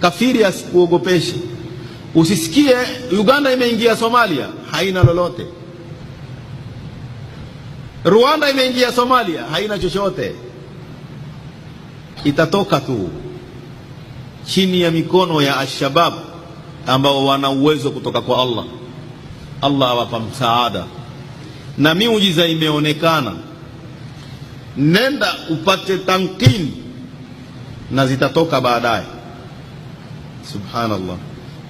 Kafiri asikuogopeshe. Usisikie Uganda imeingia Somalia, haina lolote. Rwanda imeingia Somalia, haina chochote. Itatoka tu chini ya mikono ya Alshabab ambao wana uwezo kutoka kwa Allah. Allah awapa msaada na miujiza imeonekana. Nenda upate tankini na zitatoka baadaye. Subhanallah.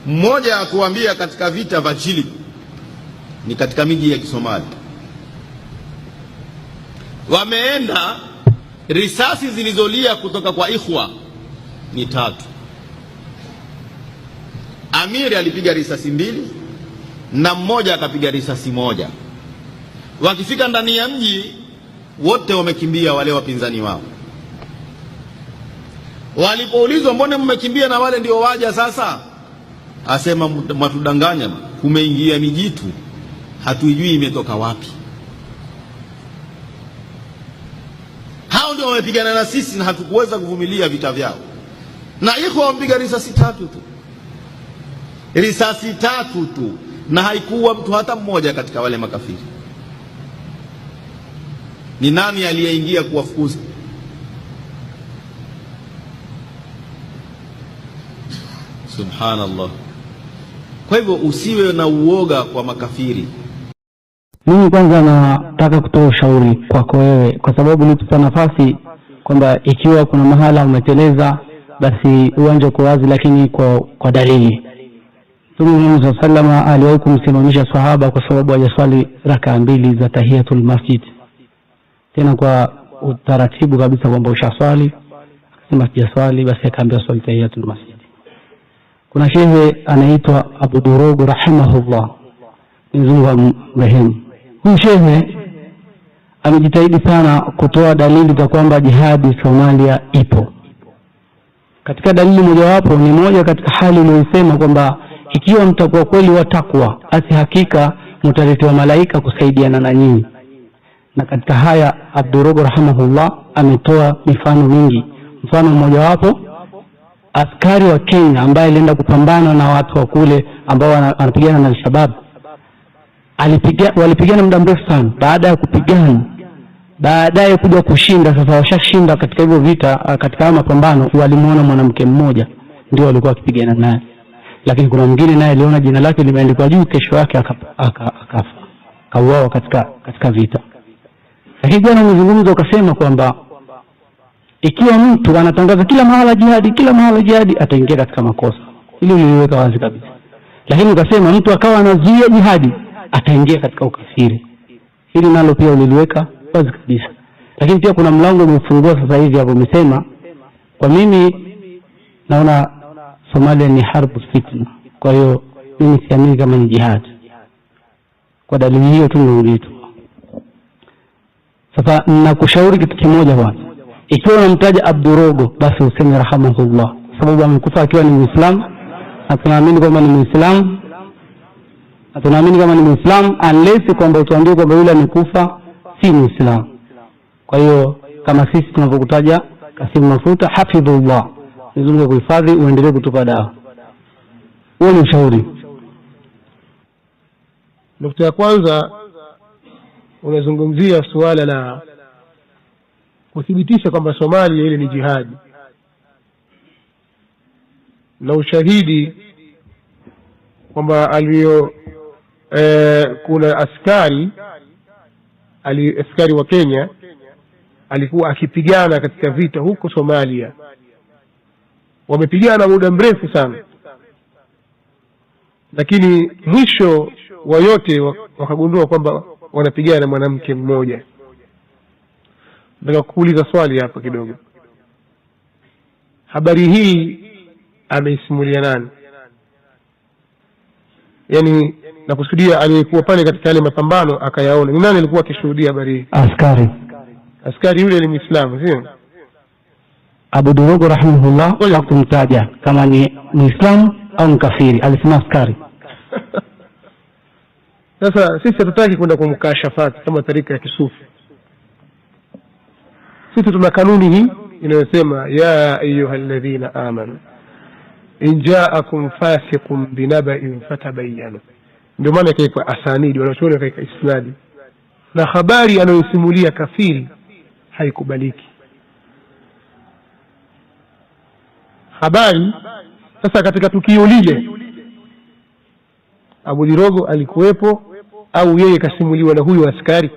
Mmoja akuambia katika vita vya jili ni katika miji ya Kisomali, wameenda risasi zilizolia kutoka kwa ikhwa ni tatu. Amiri alipiga risasi mbili na mmoja akapiga risasi moja. Wakifika ndani ya mji wote wamekimbia wale wapinzani wao. Walipoulizwa mbona mmekimbia na wale ndio waja sasa, asema mwatudanganya, kumeingia mijitu hatuijui imetoka wapi. Hao ndio wamepigana na sisi na hatukuweza kuvumilia vita vyao, na ikhwa wampiga risasi tatu tu, risasi tatu tu, na haikuwa mtu hata mmoja katika wale makafiri. Ni nani aliyeingia kuwafukuza? Subhanallah. Kwa hivyo usiwe na uoga kwa makafiri. Mimi kwanza nataka kutoa ushauri kwako wewe, kwa sababu nikupa nafasi kwamba ikiwa kuna mahala umeteleza, basi uwanja uko wazi, lakini kwa, kwa dalili. Mtume Muhammad salama aliwahi kumsimamisha sahaba kwa sababu hajaswali raka mbili za tahiyatul masjid, tena kwa utaratibu kabisa kwamba ushaswali. Akasema sijaswali, basi akaambia swali tahiyatul masjid. Kuna shehe anaitwa Abu Durugu rahimahullah, Mwenyezi Mungu amrehemu. Huyu shehe amejitahidi sana kutoa dalili za kwamba jihadi Somalia ipo. Katika dalili mojawapo ni moja katika hali uliyosema kwamba ikiwa mtakuwa kweli watakwa, basi hakika mtaletewa malaika kusaidiana na nyinyi. Na katika haya Abdurugu rahimahullah ametoa mifano mingi, mfano mmojawapo askari wa Kenya ambaye alienda kupambana na watu wa kule ambao wanapigana na Alshabab alipiga, walipigana muda mrefu sana. Baada ya kupigana, baadaye kuja kushinda. Sasa washashinda katika hivyo vita, ah, katika hayo mapambano, walimuona mwanamke mmoja ndio walikuwa wakipigana naye, lakini kuna mwingine naye aliona jina lake limeandikwa juu, kesho yake akafa, kauawa katika katika vita. Lakini bwana mzungumzo ukasema kwamba ikiwa mtu anatangaza kila mahala jihadi, kila mahala jihadi, ataingia katika makosa. Hili niliweka wazi kabisa, lakini ukasema mtu akawa anazuia jihadi, ataingia katika ukafiri. Hili nalo pia uliliweka wazi kabisa, lakini pia kuna mlango umefungua sasa hivi hapo, umesema kwa mimi naona Somalia ni harbu fitna, kwa hiyo mimi siamini kama ni jihadi. Kwa dalili hiyo tu ndio Sasa nakushauri kitu kimoja kwanza ikiwa unamtaja Abdurogo basi useme rahamahullah, sababu amekufa akiwa ni Muislamu na tunaamini kwamba ni Muislamu na tunaamini kama ni Muislamu, unless kwamba utuambie kwamba yule amekufa si Muislamu. Kwa hiyo kama sisi tunavyokutaja Kasimu Mafuta, hafidhullah, nizunguke kuhifadhi, uendelee kutupa dawa. Huo ni ushauri. Nukta ya kwanza unazungumzia suala la kuthibitisha kwamba Somalia ile ni jihadi, na ushahidi kwamba aliyo eh, kuna askari ali, askari wa Kenya alikuwa akipigana katika vita huko Somalia, wamepigana muda mrefu sana, lakini mwisho wa yote wakagundua kwamba wanapigana mwanamke mmoja nataka kukuuliza swali hapa kidogo. Habari hii ameisimulia nani? yaani nakusudia aliyekuwa pale katika yale mapambano akayaona, ni nani alikuwa akishuhudia habari hii? Askari, askari yule ni Mwislamu, sio? Abu Durugu rahimahullah kumtaja kama ni Mwislamu au mkafiri, alisema askari. Sasa sisi hatutaki kwenda kumkashafati kama tarika ya kisufi sisi tuna kanuni hii inayosema ya ayuha alladhina amanu in jaakum fasiqun binabain fatabayanu. Ndio maana ikawekwa asanidi, wanachuoni wakaweka isnadi, na habari anayosimulia kafiri haikubaliki habari. Sasa katika tukio lile Abu alikuwepo au yeye kasimuliwa na huyo askari?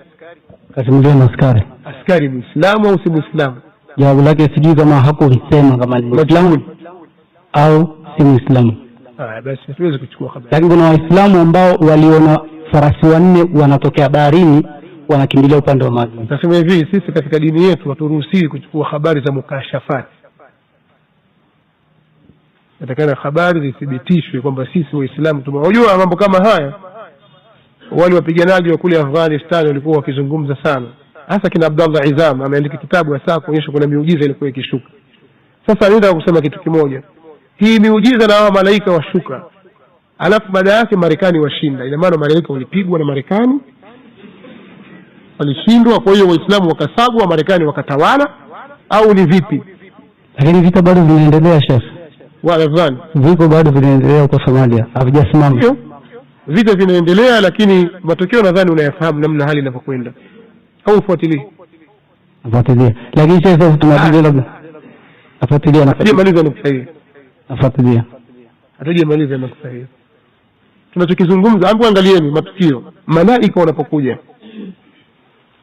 Kasimulia na askari. Askari Muislamu au si Muislamu? Jawabu lake sijui kama hakulisema kama Muislamu au si Muislamu. Ah, basi siwezi kuchukua habari. Lakini kuna Waislamu ambao waliona farasi wanne wanatokea baharini wanakimbilia upande wa maji. Nasema hivi, sisi katika dini yetu haturuhusiwi kuchukua habari za mukashafati. Natakana habari zithibitishwe kwamba sisi Waislamu tumewajua mambo kama haya wale wapiganaji wa kule Afghanistan walikuwa wakizungumza sana, hasa kina Abdallah Izam ameandika kitabu hasa kuonyesha kuna miujiza ilikuwa ikishuka. Sasa nataka kusema kitu kimoja, hii miujiza na hawa malaika washuka, alafu baada yake Marekani washinda. Ina maana malaika walipigwa na Marekani walishindwa, kwa hiyo Waislamu wakasagwa, Marekani wakatawala, au ni vipi? Lakini vita bado vinaendelea, Sheikh, nadhani viko bado vinaendelea huko Somalia, havijasimama vita vinaendelea, lakini matokeo nadhani unayafahamu namna hali inavyokwenda, au ufuatilie afuatilia. Lakini sasa tunazidi labda afuatilia na kumaliza nukta hiyo, afuatilia hatujamaliza nukta hiyo. Tunachokizungumza ambapo, angalieni matukio malaika wanapokuja,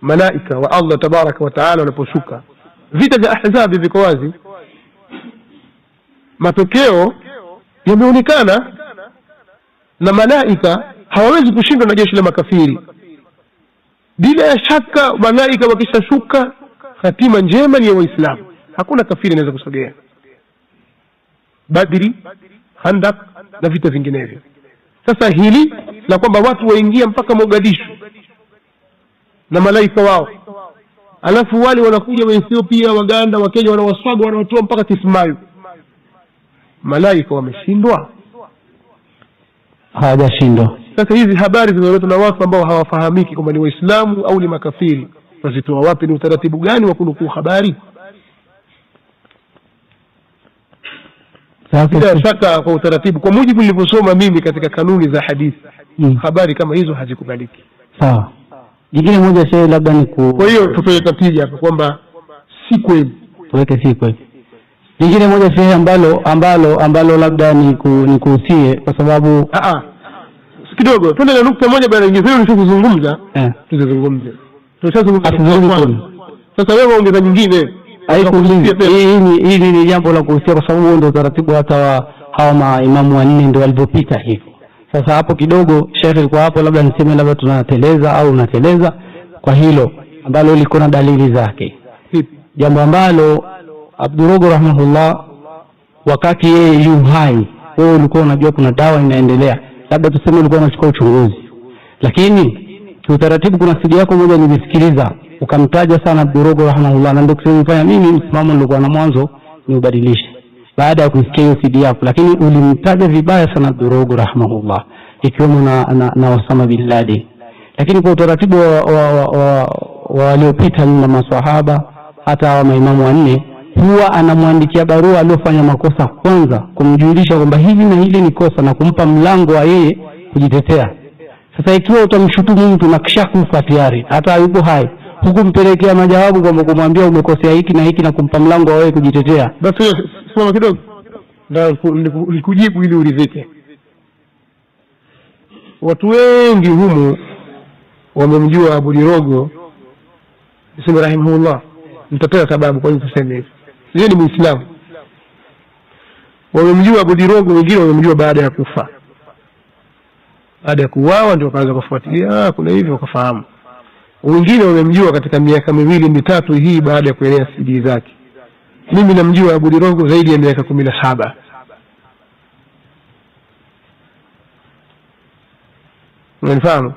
malaika wa Allah tabaraka wa taala wanaposhuka, vita vya Ahzabi viko wazi, matokeo yameonekana na malaika hawawezi kushindwa na jeshi la makafiri. Bila ya shaka malaika wakishashuka, hatima njema ni ya Waislamu, hakuna kafiri anaweza kusogea. Badri, Handak na vita vinginevyo. Sasa hili la kwamba watu waingia mpaka Mogadishu na malaika wao, alafu wale wanakuja waethiopia Waganda, Wakenya wanawaswaga wanawatoa mpaka Kismayu, malaika wameshindwa hawajashindwa. Sasa hizi habari zinaletwa na watu ambao hawafahamiki kwamba ni Waislamu au ni makafiri, tazitoa wapi? Ni utaratibu gani wa kunukuu habari? Bila shaka kwa utaratibu, kwa mujibu nilivyosoma mimi katika kanuni za hadithi mm. habari kama hizo hazikubaliki. Sawa, jingine moja, shee labda ni ku, kwa hiyo tutoleta tija hapa kwamba si kweli, tuweke si kweli Lingine moja shehe, ambalo ambalo ambalo labda nikuhusie ku, ni kwa sababu ah, ah. kidogo, twende na nukta moja baada nyingine, eh. tuzungumze tuzizungumze, sasa wewe ongeza nyingine. hii ni jambo la kuhusia, kwa sababu ndio taratibu hata wa hawa maimamu wanne ndio walivyopita hivyo. Sasa hapo kidogo shekhe ilikuwa hapo, labda niseme labda tunateleza au unateleza kwa hilo ambalo liko na dalili zake, jambo ambalo Abdurogo rahimahullah, wakati yeye yu hai, wewe ulikuwa unajua kuna dawa inaendelea, labda tuseme ulikuwa unachukua uchunguzi, lakini kiutaratibu kuna sidi yako moja nilisikiliza, ukamtaja sana Abdurogo rahimahullah, na ndio kilichofanya mimi msimamo nilikuwa na mwanzo niubadilishe baada ya kusikia hiyo sidi yako, lakini ulimtaja vibaya sana Abdurogo rahimahullah, ikiwemo na, na, na Osama bin Laden, lakini kwa utaratibu wa waliopita wa, wa, wa, wa, wa, nyuma maswahaba hata hawa maimamu wanne huwa anamwandikia barua aliyofanya makosa kwanza, kumjulisha kwamba hili na hili ni kosa na kumpa mlango wa yeye kujitetea. Sasa ikiwa utamshutumu mtu na kisha kufa tayari, hata hayupo hai, hukumpelekea majawabu kwamba kumwambia umekosea hiki na hiki na kumpa mlango wa wewe kujitetea, basi simama kidogo, nikujibu ili uridhike. Watu wengi humu wamemjua Abu Dirogo, bismillahirrahmanirrahim, rahimahullah, nitatoa sababu kwa nini tuseme hivi yeye ni Muislamu. Wamemjua Bodirongo, wengine wamemjua baada ya kufa, baada ya kuwawa ndio wakaanza kufuatilia ah, kuna hivyo wakafahamu. Wengine wamemjua katika miaka miwili mitatu hii baada ya kuenea sidi zake. Mimi namjua Abodirongo zaidi ya miaka kumi na saba unanifahamu,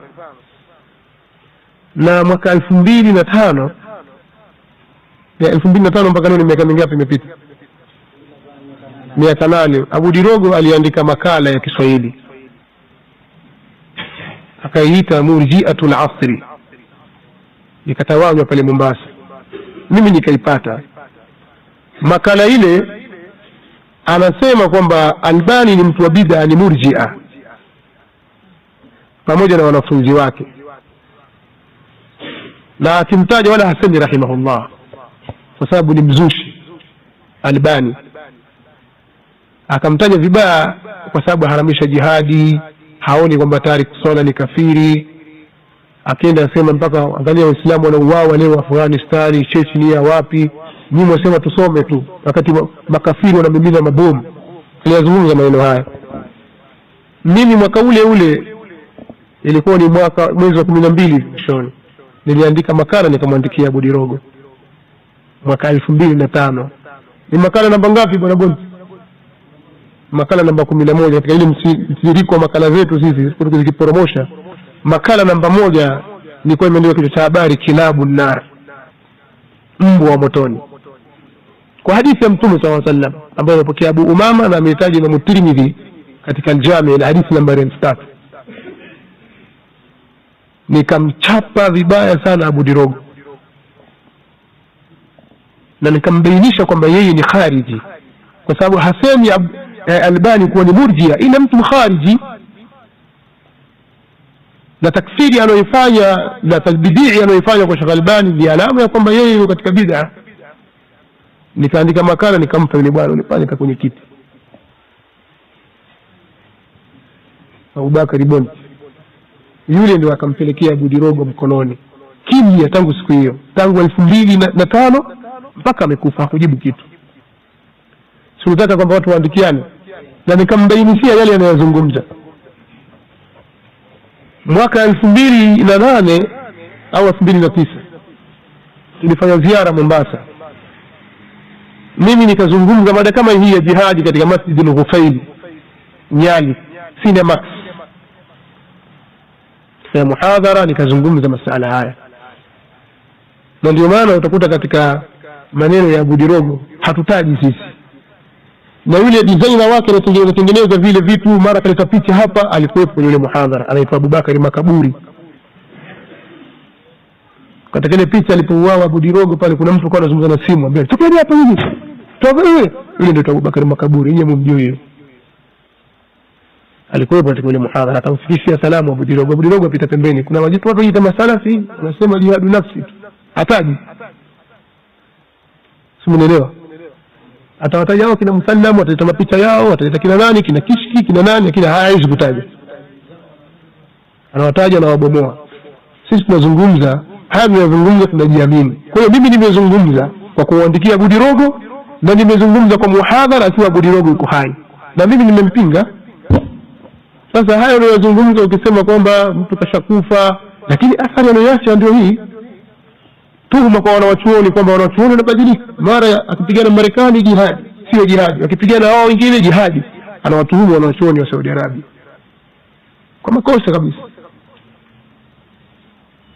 na mwaka elfu mbili na tano ya elfu mbili na tano mpaka leo ni miaka mingapi imepita? Miaka nane. Abu Dirogo aliandika makala ya Kiswahili akaiita murjiatu Asri, ikatawanywa pale Mombasa, mimi nikaipata makala ile. Anasema kwamba Albani ni mtu wa bid'a, ni murjia pamoja na wanafunzi wake, na akimtaja wala hasemi rahimahullah kwa sababu ni mzushi. Albani akamtaja vibaya kwa sababu haramisha jihadi, haoni kwamba tayari Sola ni kafiri. Akienda asema mpaka angalia Waislamu wanauawa leo Afghanistani, Chechnia, wapi. nyuma wasema tusome tu, wakati makafiri wanamimiza mabomu. Aliyazungumza maneno haya. Mimi mwaka ule ule ilikuwa ni mwaka mwezi wa kumi na mbili mwishoni, niliandika makala nikamwandikia Bodirogo mwaka elfu mbili na tano. Ni makala namba ngapi bwana Bonzi? Makala namba kumi na moja katika ile mtiririko wa makala zetu sisi zikiporomosha Makala namba moja ilikuwa imeandikwa kichwa cha habari kilabu nar, mbwa wa motoni, kwa hadithi ya Mtume saa sallam ambayo amepokea Abu Umama na amehitaji Imamu Tirmidhi katika Aljami la hadithi namba arobaini tatu. Nikamchapa vibaya sana Abu Dirogo na nikambainisha kwamba yeye ni khariji, kwa sababu hasemi eh, Albani kuwa ni murjia, ila mtu mkhariji na takfiri anayoifanya na tabidii anayoifanya kwa shekh Albani ni alama ya kwamba yeye yuko katika bid'a. Nikaandika makala nikampa yule bwana, ulipandika kwenye kiti Abubakari bon yule ndio akampelekea Budirogo mkononi, kimya tangu siku hiyo, tangu elfu mbili na tano mpaka amekufa hakujibu kitu. Sikutaka kwamba watu waandikiane, na nikambainishia yale yanayozungumza. Mwaka elfu mbili na nane au elfu mbili na tisa tulifanya ziara Mombasa, mimi nikazungumza mada kama hii ya jihadi katika Masjidi Lghufaili Nyali Cinemax, ya muhadhara nikazungumza masala haya, na ndio maana utakuta katika maneno ya budirogo hatutaji sisi, na yule designer wake anatengeneza vile vitu, mara kaleta picha hapa. Alikuwepo kwenye ule muhadhara, anaitwa Abubakari Makaburi. Katika ile picha alipouawa budirogo pale, kuna mtu alikuwa anazungumza na simu, ambia tokeni hapa, hivi toka yule yule, ndio Abubakari Makaburi, yeye mumjui yule alikuwepo katika ile muhadhara atamfikishia salamu Abudirogo. Abudirogo apita pembeni, kuna watu wajiita masalafi, wanasema jihadu nafsi hataji mnaelewa atawataja hao kina Musallam, ataleta mapicha yao, wataleta kina nani, kina Kishki, kina nani, akini hawezi kutaja, anawataja anawabomoa. Sisi tunazungumza haya, tunazungumza tunajiamini. Kwa hiyo mimi nimezungumza kwa kuandikia Budirogo na nimezungumza kwa muhadhara akiwa Budirogo iko hai na mimi nimempinga. Sasa hayo unayozungumza ukisema kwamba mtu kashakufa, lakini athari anayoacha ndio hii tuhuma kwa wanawachuoni kwamba wanawachuoni wanabadilika, mara akipigana Marekani jihadi sio jihadi, akipigana wao wengine jihadi. Anawatuhumu wanawachuoni wa Saudi Arabia kwa makosa kabisa.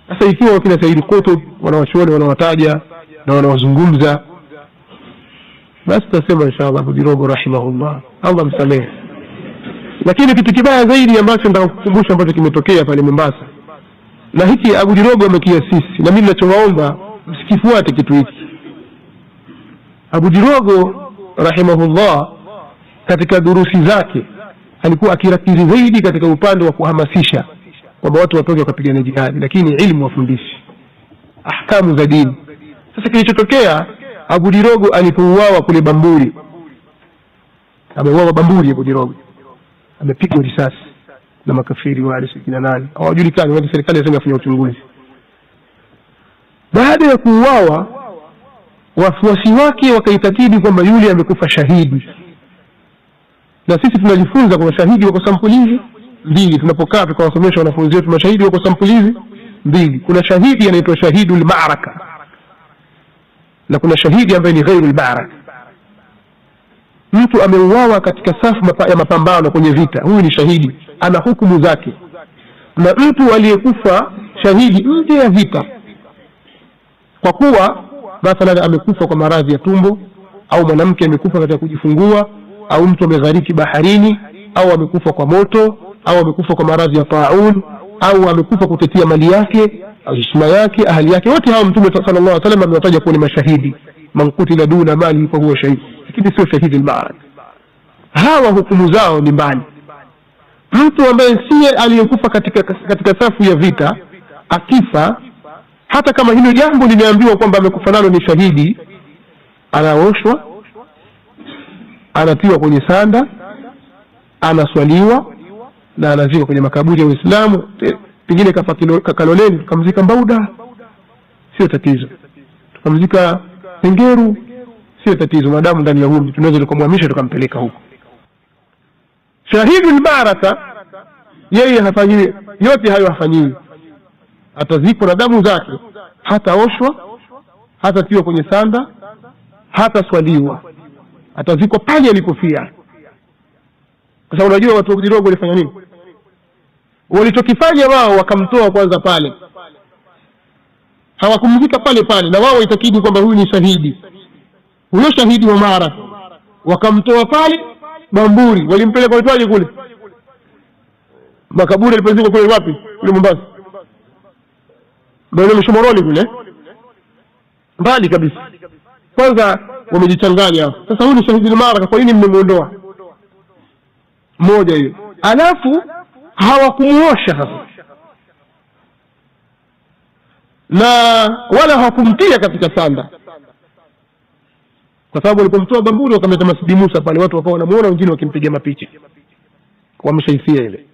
Sasa ikiwa wakina Saidi Kutub wanawachuoni wanawataja na wanawazungumza, basi tutasema inshallah Allah Budirogo rahimahullah, Allah msamehe. Lakini kitu kibaya zaidi ambacho nataka kukumbusha ambacho kimetokea pale Mombasa, na hiki Abu Dirogo amekiasisi, na mimi ninachowaomba msikifuate kitu hiki. Abu rahimahullah katika dhurusi zake alikuwa akirakizi zaidi katika upande wa kuhamasisha kwamba watu watoke wakapigana jihadi, lakini ilmu wafundishi ahkamu za dini. Sasa kilichotokea Abu Dirogo alipouawa kule Bamburi, ameuawa Bamburi. Abu amepigwa risasi na makafiri wale sikina na nane hawajulikani, serikali lazima afanya uchunguzi. Baada ya kuuawa, wafuasi wake wakaitakidi kwamba yule amekufa shahidi. Na sisi tunajifunza kwamba shahidi wako sampulizi mbili. Tunapokaa tukawasomesha wanafunzi wetu, mashahidi wako sampulizi mbili. Kuna shahidi anaitwa shahidu lmaraka na kuna shahidi ambaye ni ghairu lmaraka Mtu ameuawa katika safu ya mapambano kwenye vita, huyu ni shahidi, ana hukumu zake. Na mtu aliyekufa shahidi nje ya vita kwa kuwa mathalan amekufa kwa maradhi ya tumbo au mwanamke amekufa katika kujifungua au mtu amehariki baharini au amekufa kwa moto au amekufa kwa maradhi ya taun au amekufa kutetea mali yake heshima yake ahali yake, wote hawa Mtume sallallahu alaihi wasallam amewataja kuwa ni mashahidi. man kutila duna mali fa huwa shahidi, lakini sio shahidi al-ma'ad. Hawa hukumu zao ni mbali. Mtu ambaye si aliyekufa katika katika safu ya vita akifa hata kama hilo jambo limeambiwa kwamba amekufa nalo ni shahidi, anaoshwa, anatiwa kwenye sanda, anaswaliwa na anazikwa kwenye makaburi ya Uislamu. Pengine kakaloleni tukamzika Mbauda, sio tatizo, tukamzika Tengeru, sio tatizo, maadamu ndani ya umi tunaweza tukamwamisha tukampeleka huko. Shahidu lbaraka yeye hafanyiwi yote hayo, hafanyiwi atazikwa na damu zake, hataoshwa, hatatiwa kwenye sanda, hataswaliwa, atazikwa pale alipofia. Kwa sababu unajua watu kidogo walifanya nini? Walichokifanya wao, wakamtoa kwanza pale, hawakumzika pale pale, na wao waitakidi kwamba huyu ni shahidi, huyo shahidi wa Mara, wakamtoa pale Bamburi, walimpeleka waitwaje kule makaburi alipozikwa kule, wapi kule Mombasa maeneo Mishomoroni kule mbali kabisa. Kwanza wamejichanganya sasa. Huyu ni Shahidul kwa nini mmemuondoa? moja hiyo, alafu hawakumuosha sasa na wala hawakumtia katika sanda, kwa sababu walipomtoa bamburi wakamleta Masidi Musa pale, watu wakawa wanamuona, wengine wakimpiga mapicha, wamshaisia ile.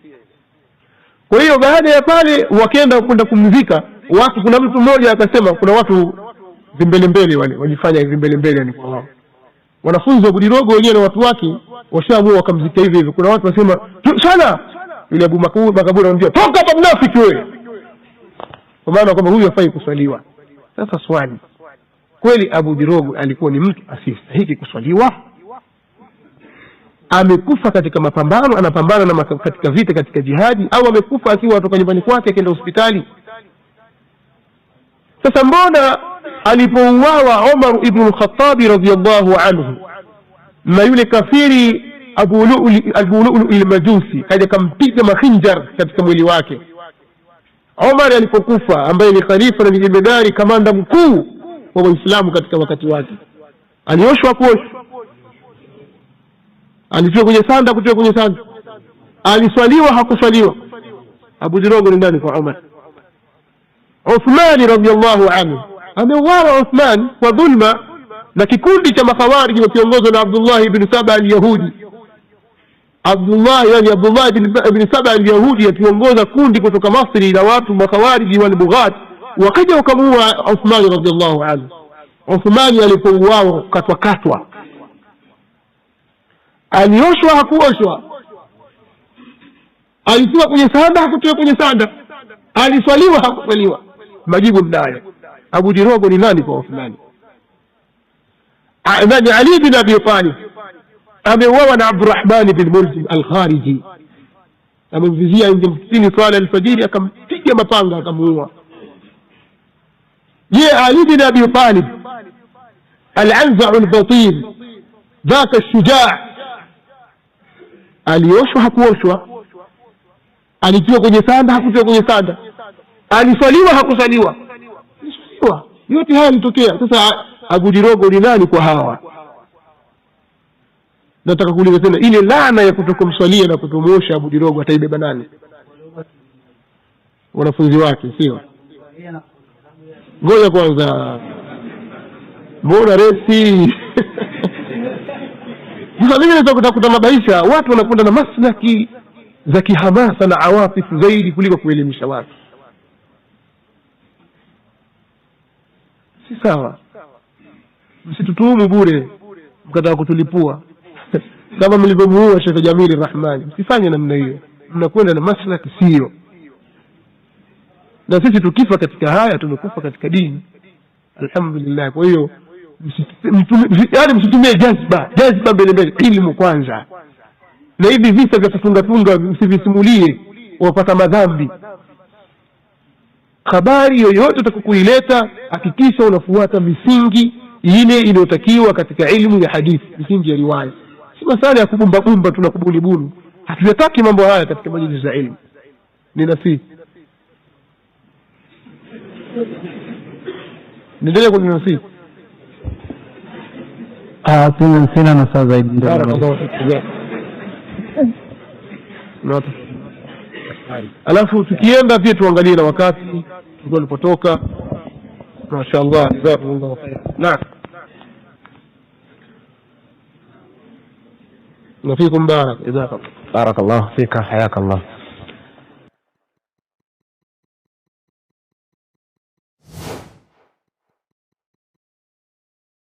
Kwa hiyo baada ya pale, wakaenda kwenda kumzika watu. Kuna mtu mmoja akasema, kuna watu vimbelembele wale walifanya vimbelembele, yani kwa wao wanafunzi wa Budirogo wenyewe na watu wake washaamua wakamzikia hivi hivi. Kuna watu wasema sana, yule Abu Makaburi anamwambia toka kwa mnafiki wewe, kwa maana kwamba huyu hafai kuswaliwa. Sasa swali, kweli Abu Dirogo alikuwa ni mtu asiyestahiki kuswaliwa? Amekufa katika mapambano, anapambana na katika vita, katika jihadi, au amekufa akiwa atoka nyumbani kwake akaenda hospitali sasa mbona alipouawa Umar ibnu Lkhatabi khattab anhu na yule kafiri Abu ilmajusi al kaja kampiga mahinjar katika mwili wake, Umar alipokufa, ambaye ni khalifa na ni jemedari, kamanda mkuu wa Waislamu katika wakati wake, alioshwa kuoshwa, alitiwa kwenye sanda, kutiwa kwenye sanda, aliswaliwa hakuswaliwa. Abu Zirongo ni ndani kwa Umar Uthmani radhiallahu anhu ameuawa Uthman kwa dhulma na kikundi cha makhawariji wakiongozwa na Abdullahi ibn Saba al-Yahudi. Abdullah yani Abdullah ibn Saba al-Yahudi akiongoza kundi kutoka Masri la watu makhawariji bughat, wakaja wakamuua Uthmani radhiallahu anhu. Uthmani alipouawa katwa katwa, alioshwa hakuoshwa, alikuwa kwenye sanda hakutoka kwenye sanda, aliswaliwa hakuswaliwa majibu mnayo. Abu Dirogo ni nani kwa Uthmani? nani? Ali bin Abi Talib ameuawa na Abdurrahman bin Muljim Alkhariji, amemvizia nje msikitini swala alfajiri, akampiga mapanga akamuua. Je, Ali bin Abi Talib Alanzau lbatil dhaka shujaa, alioshwa hakuoshwa? Alitiwa kwenye sanda hakutiwa kwenye sanda? aliswaliwa hakusaliwa Aliswaliwa. Yote haya yalitokea. Sasa agudirogo ni nani kwa hawa? Nataka kuuliza tena, ile laana ya kutokumswalia na kutomwosha agudirogo ataibeba nani? Wanafunzi wake, sio? Ngoja kwanza, mbona resi kutakuta mabaisha watu wanakwenda na maslaki za kihamasa na awatifu zaidi kuliko kuelimisha watu. si sawa. Msitutuhumu bure mkataka kutulipua kama mlivyomuua Shekhe Jamili Rahmani. Msifanye namna hiyo, mnakwenda na maslahi siyo. Na sisi tukifa katika haya tumekufa katika dini, alhamdulillah. Kwa hiyo yaani, msitumie jazba jazba mbelembele ilmu kwanza. Na hivi visa vya kufungafunga msivisimulie, wapata madhambi habari yoyote kuileta hakikisha unafuata misingi ile iliyotakiwa katika ilmu ya hadithi, misingi ya riwaya, si masala ya kubumbabumba tuna tu na kubulibulu. Hatuyataki mambo haya katika majilisi za ilmu, ni nasihi. Niendelee kwenye nasihi. Ah, sina nasaa zaidi. alafu tukienda pia tuangalie na wakati tulikuwa tulipotoka Mashaallah, jazakumullahu khair Na fikum barak, جزاكم Barakallahu fika, فيك